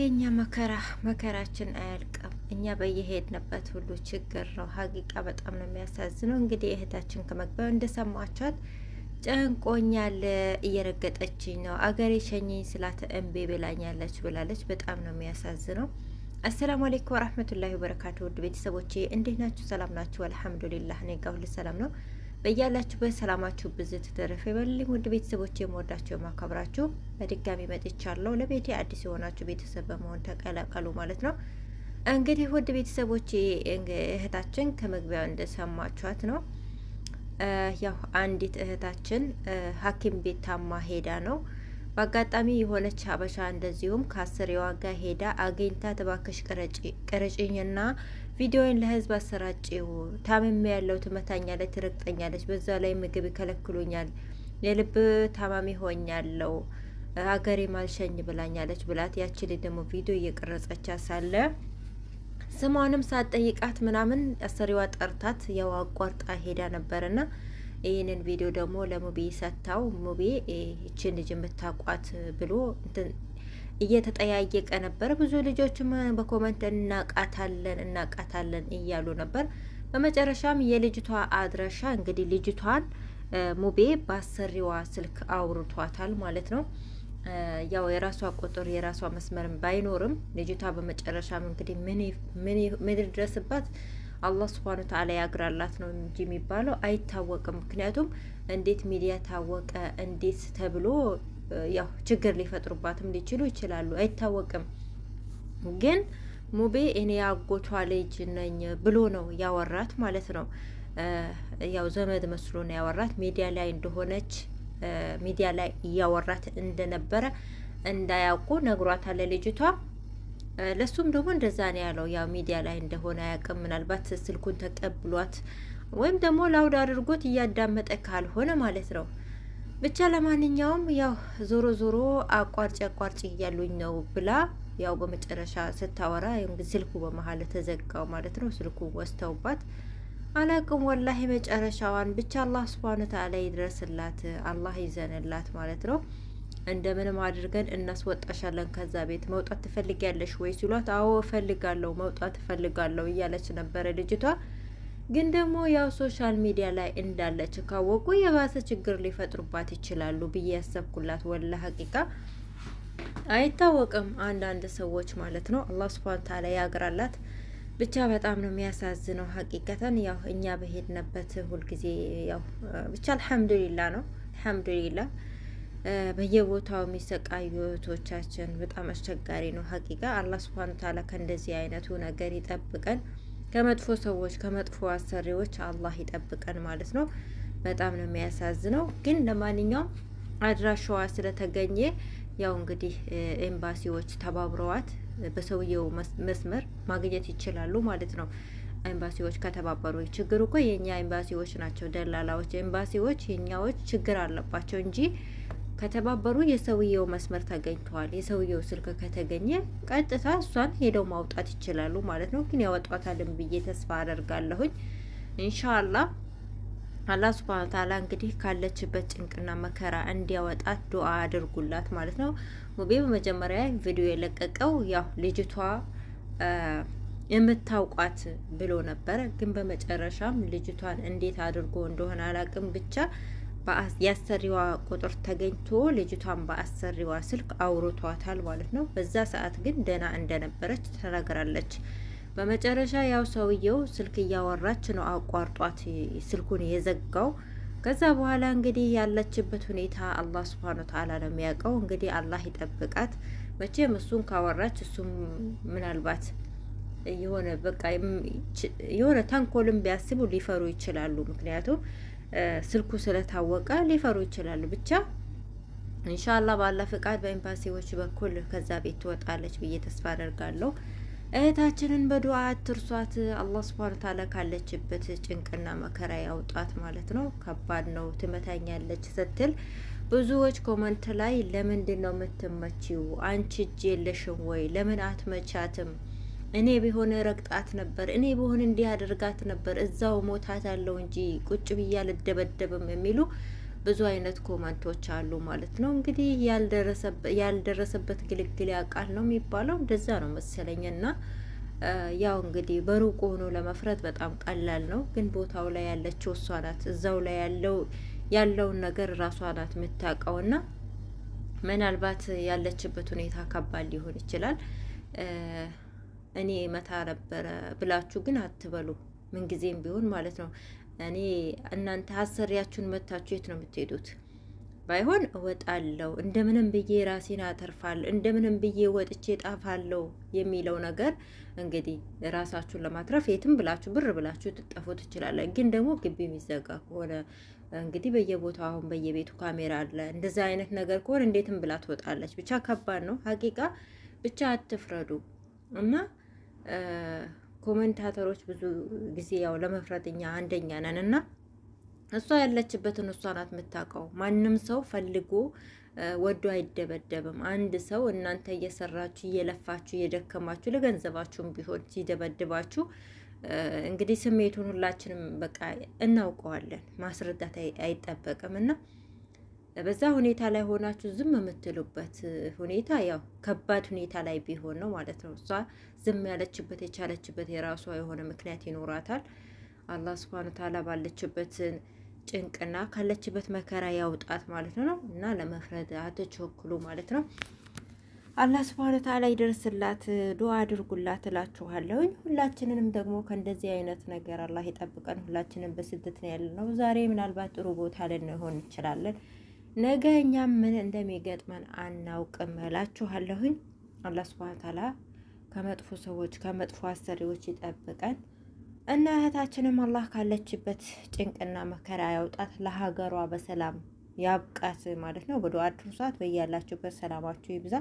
የኛ መከራ መከራችን አያልቅም። እኛ በየሄድንበት ሁሉ ችግር ነው። ሀቂቃ በጣም ነው የሚያሳዝነው። እንግዲህ እህታችን ከመግቢያው እንደሰማችኋት ጨንቆኛል፣ እየረገጠችኝ ነው፣ አገሬ ሸኘኝ ስላት እምቢ ብላኛለች ብላለች። በጣም ነው የሚያሳዝነው። አሰላሙ አሌይኩም ወረህመቱላሂ ወበረካቱ። ውድ ቤተሰቦቼ እንዴት ናችሁ? ሰላም ናችሁ? አልሐምዱሊላህ እኔ ሁሉ ሰላም ነው። በያላችሁበት ሰላማችሁ ብዝት ተረፈ ይበልልኝ። ውድ ቤተሰቦች የምወዳችሁ የማከብራችሁ በድጋሚ መጥቻለሁ። ለቤቴ አዲስ የሆናችሁ ቤተሰብ በመሆን ተቀላቀሉ ማለት ነው። እንግዲህ ውድ ቤተሰቦች እህታችን ከመግቢያው እንደሰማችኋት ነው ያው አንዲት እህታችን ሐኪም ቤት ታማ ሄዳ ነው በአጋጣሚ የሆነች ሀበሻ እንደዚሁም ከአስሬዋ ጋር ሄዳ አግኝታ ተባክሽ ቅረጭኝና ቪዲዮውን ለህዝብ አሰራጭው ታምሜ ያለው ትመታኛለች፣ ትረግጠኛለች፣ በዛ ላይ ምግብ ይከለክሉኛል፣ የልብ ታማሚ ሆኛለው፣ ሀገሬ ማልሸኝ ብላኛለች ብላት ያችል ደግሞ ቪዲዮ እየቀረጸቻ ሳለ ስሟንም ሳትጠይቃት ምናምን አሰሪዋ ጠርታት ያው አቋርጣ ሄዳ ነበርና ይህንን ቪዲዮ ደግሞ ለሙቤ ሰጥታው ሙቤ ይችን ልጅ የምታቋት ብሎ እየተጠያየቀ ነበር። ብዙ ልጆችም በኮመንት እናቃታለን እናቃታለን እያሉ ነበር። በመጨረሻም የልጅቷ አድራሻ እንግዲህ ልጅቷን ሙቤ ባሰሪዋ ስልክ አውርቷታል ማለት ነው። ያው የራሷ ቁጥር የራሷ መስመርም ባይኖርም ልጅቷ በመጨረሻም እንግዲህ ምን ድረስባት አላህ ስብሃነ ተዓላ ያግራላት ነው እንጂ የሚባለው አይታወቅም። ምክንያቱም እንዴት ሚዲያ ታወቀ እንዴት ተብሎ ያው ችግር ሊፈጥሩባትም ሊችሉ ይችላሉ፣ አይታወቅም። ግን ሙቤ እኔ ያጎቷ ልጅ ነኝ ብሎ ነው ያወራት ማለት ነው። ያው ዘመድ መስሎ ነው ያወራት። ሚዲያ ላይ እንደሆነች ሚዲያ ላይ እያወራት እንደነበረ እንዳያውቁ ነግሯታል ለልጅቷ ለሱም ደግሞ እንደዛ ነው ያለው። ያው ሚዲያ ላይ እንደሆነ አያውቅም። ምናልባት ስልኩን ተቀብሏት ወይም ደግሞ ላውድ አድርጎት እያዳመጠ ካልሆነ ማለት ነው። ብቻ ለማንኛውም ያው ዞሮ ዞሮ አቋርጭ አቋርጭ እያሉኝ ነው ብላ ያው በመጨረሻ ስታወራ ስልኩ በመሀል ተዘጋው ማለት ነው። ስልኩ ወስተውባት አላቅም ወላሂ መጨረሻዋን ብቻ አላህ ስብሃነ ተዓላ ይድረስላት፣ አላህ ይዘንላት ማለት ነው። እንደምንም አድርገን እናስወጣሻለን ከዛ ቤት። መውጣት ትፈልጊያለሽ ወይ ሲሏት፣ አዎ እፈልጋለሁ፣ መውጣት እፈልጋለሁ እያለች ነበረ ልጅቷ። ግን ደግሞ ያው ሶሻል ሚዲያ ላይ እንዳለች ካወቁ የባሰ ችግር ሊፈጥሩባት ይችላሉ ብዬ ያሰብኩላት ወላ ሀቂቃ አይታወቅም። አንዳንድ ሰዎች ማለት ነው። አላህ ስብሃነ ተዓላ ያግራላት። ብቻ በጣም ነው የሚያሳዝነው። ሀቂቀተን ያው እኛ በሄድነበት ሁልጊዜ ያው ብቻ አልሐምዱሊላ ነው አልሐምዱሊላ በየቦታው የሚሰቃዩ እህቶቻችን በጣም አስቸጋሪ ነው። ሀቂቃ አላህ ስብሃነ ተዓላ ከእንደዚህ አይነቱ ነገር ይጠብቀን፣ ከመጥፎ ሰዎች ከመጥፎ አሰሪዎች አላህ ይጠብቀን ማለት ነው። በጣም ነው የሚያሳዝነው። ግን ለማንኛውም አድራሻዋ ስለተገኘ ያው እንግዲህ ኤምባሲዎች ተባብረዋት በሰውየው መስመር ማግኘት ይችላሉ ማለት ነው። ኤምባሲዎች ከተባበሩ ችግሩ እኮ የእኛ ኤምባሲዎች ናቸው፣ ደላላዎች ኤምባሲዎች የእኛዎች ችግር አለባቸው እንጂ ከተባበሩ የሰውየው መስመር ተገኝተዋል። የሰውየው ስልክ ከተገኘ ቀጥታ እሷን ሄደው ማውጣት ይችላሉ ማለት ነው። ግን ያወጧታልን ብዬ ተስፋ አደርጋለሁኝ እንሻላ አላህ ሱብሃነ ተዓላ እንግዲህ ካለችበት ጭንቅና መከራ እንዲያወጣት ዱ አድርጉላት ማለት ነው። ሙቤ በመጀመሪያ ቪዲዮ የለቀቀው ያው ልጅቷ የምታውቋት ብሎ ነበረ። ግን በመጨረሻም ልጅቷን እንዴት አድርጎ እንደሆነ አላቅም ብቻ የአሰሪዋ ቁጥር ተገኝቶ ልጅቷን በአሰሪዋ ስልክ አውርቷታል ማለት ነው። በዛ ሰዓት ግን ደህና እንደነበረች ተናግራለች። በመጨረሻ ያው ሰውየው ስልክ እያወራች ነው አቋርጧት ስልኩን የዘጋው። ከዛ በኋላ እንግዲህ ያለችበት ሁኔታ አላህ ስብሃነሁ ተዓላ ነው የሚያውቀው። እንግዲህ አላህ ይጠብቃት። መቼም እሱን ካወራች እሱም ምናልባት የሆነ በቃ የሆነ ተንኮልም ቢያስቡ ሊፈሩ ይችላሉ። ምክንያቱም ስልኩ ስለታወቀ ሊፈሩ ይችላሉ። ብቻ እንሻላ ባላ ፍቃድ በኤምባሲዎች በኩል ከዛ ቤት ትወጣለች ብዬ ተስፋ አደርጋለሁ። እህታችንን በዱዓ አትርሷት። አላህ ስብሃነ ተዓላ ካለችበት ጭንቅና መከራ ያውጣት ማለት ነው። ከባድ ነው። ትመታኛለች ስትል ብዙዎች ኮመንት ላይ ለምንድን ነው የምትመቺው? አንቺ እጅ የለሽም ወይ? ለምን አትመቻትም እኔ ቢሆን ረግጣት ነበር፣ እኔ ቢሆን እንዲህ አድርጋት ነበር፣ እዛው ሞታት አለው እንጂ ቁጭ ብያ ልደበደብም የሚሉ ብዙ አይነት ኮመንቶች አሉ ማለት ነው። እንግዲህ ያልደረሰበት ግልግል ያውቃል ነው የሚባለው፣ እንደዛ ነው መሰለኝ እና ያው እንግዲህ በሩቁ ሆኖ ለመፍረት በጣም ቀላል ነው፣ ግን ቦታው ላይ ያለችው እሷ ናት። እዛው ላይ ያለው ያለውን ነገር ራሷ ናት ና ምናልባት ያለችበት ሁኔታ ከባድ ሊሆን ይችላል። እኔ መታ ነበረ ብላችሁ ግን አትበሉ፣ ምንጊዜም ቢሆን ማለት ነው። እኔ እናንተ አሰሪያችሁን መታችሁ የት ነው የምትሄዱት? ባይሆን እወጣለሁ እንደምንም ብዬ ራሴን አተርፋለሁ እንደምንም ብዬ ወጥቼ ጣፋለሁ የሚለው ነገር እንግዲህ ራሳችሁን ለማትረፍ የትም ብላችሁ ብር ብላችሁ ትጠፉ ትችላለ። ግን ደግሞ ግቢ የሚዘጋ ከሆነ እንግዲህ በየቦታው አሁን በየቤቱ ካሜራ አለ። እንደዛ አይነት ነገር ከሆነ እንዴትም ብላ ትወጣለች። ብቻ ከባድ ነው ሀቂቃ። ብቻ አትፍረዱ እና ኮመንታተሮች ብዙ ጊዜ ያው ለመፍረጥ እኛ አንደኛ ነን እና እሷ ያለችበትን እሷ ናት የምታውቀው። ማንም ሰው ፈልጎ ወዶ አይደበደብም። አንድ ሰው እናንተ እየሰራችሁ እየለፋችሁ እየደከማችሁ ለገንዘባችሁም ቢሆን ሲደበድባችሁ እንግዲህ ስሜቱን ሁላችንም በቃ እናውቀዋለን። ማስረዳት አይጠበቅም እና በዛ ሁኔታ ላይ ሆናችሁ ዝም የምትሉበት ሁኔታ ያው ከባድ ሁኔታ ላይ ቢሆን ነው ማለት ነው። እሷ ዝም ያለችበት የቻለችበት የራሷ የሆነ ምክንያት ይኖራታል። አላህ ስብሃነ ተዓላ ባለችበት ጭንቅና ካለችበት መከራ ያውጣት ማለት ነው እና ለመፍረድ አትቸኩሉ ማለት ነው። አላህ ስብሃነ ተዓላ ይደርስላት፣ ዱዓ አድርጉላት እላችኋለሁኝ። ሁላችንንም ደግሞ ከእንደዚህ አይነት ነገር አላህ ይጠብቀን። ሁላችንም በስደት ነው ያለ ነው። ዛሬ ምናልባት ጥሩ ቦታ ልን ሆን እንችላለን ነገ እኛም ምን እንደሚገጥመን አናውቅም እላችኋለሁኝ። አላህ ሱብሃነ ተዓላ ከመጥፎ ሰዎች ከመጥፎ አሰሪዎች ይጠብቀን እና እህታችንም አላህ ካለችበት ጭንቅና መከራ ያውጣት፣ ለሀገሯ በሰላም ያብቃት ማለት ነው። በዱዓ አድርሷት። በያላችሁበት ሰላማችሁ ይብዛ።